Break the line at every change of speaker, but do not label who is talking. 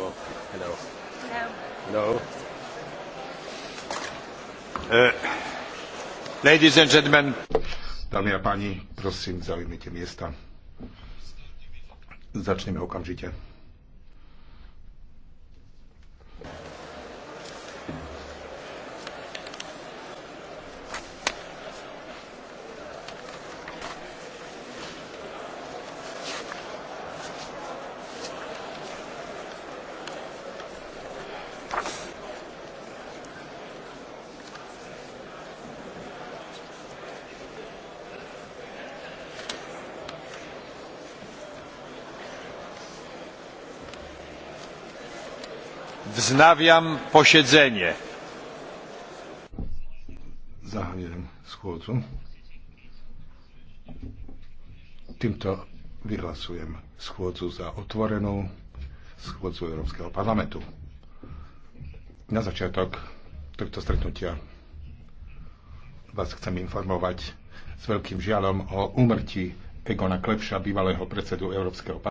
Oh, hello. Hello. hello. Uh,
ladies and gentlemen.
Dámy a páni, prosím, zaujmite miesta. Začneme okamžite.
Wznawiam posiedzenie.
Zahajujem schôdzu. Týmto vyhlasujem schôdzu za otvorenú schôdzu Európskeho parlamentu. Na začiatok tohto stretnutia vás chcem informovať s veľkým žialom o úmrtí Egona Klepša, bývalého predsedu Európskeho parlamentu.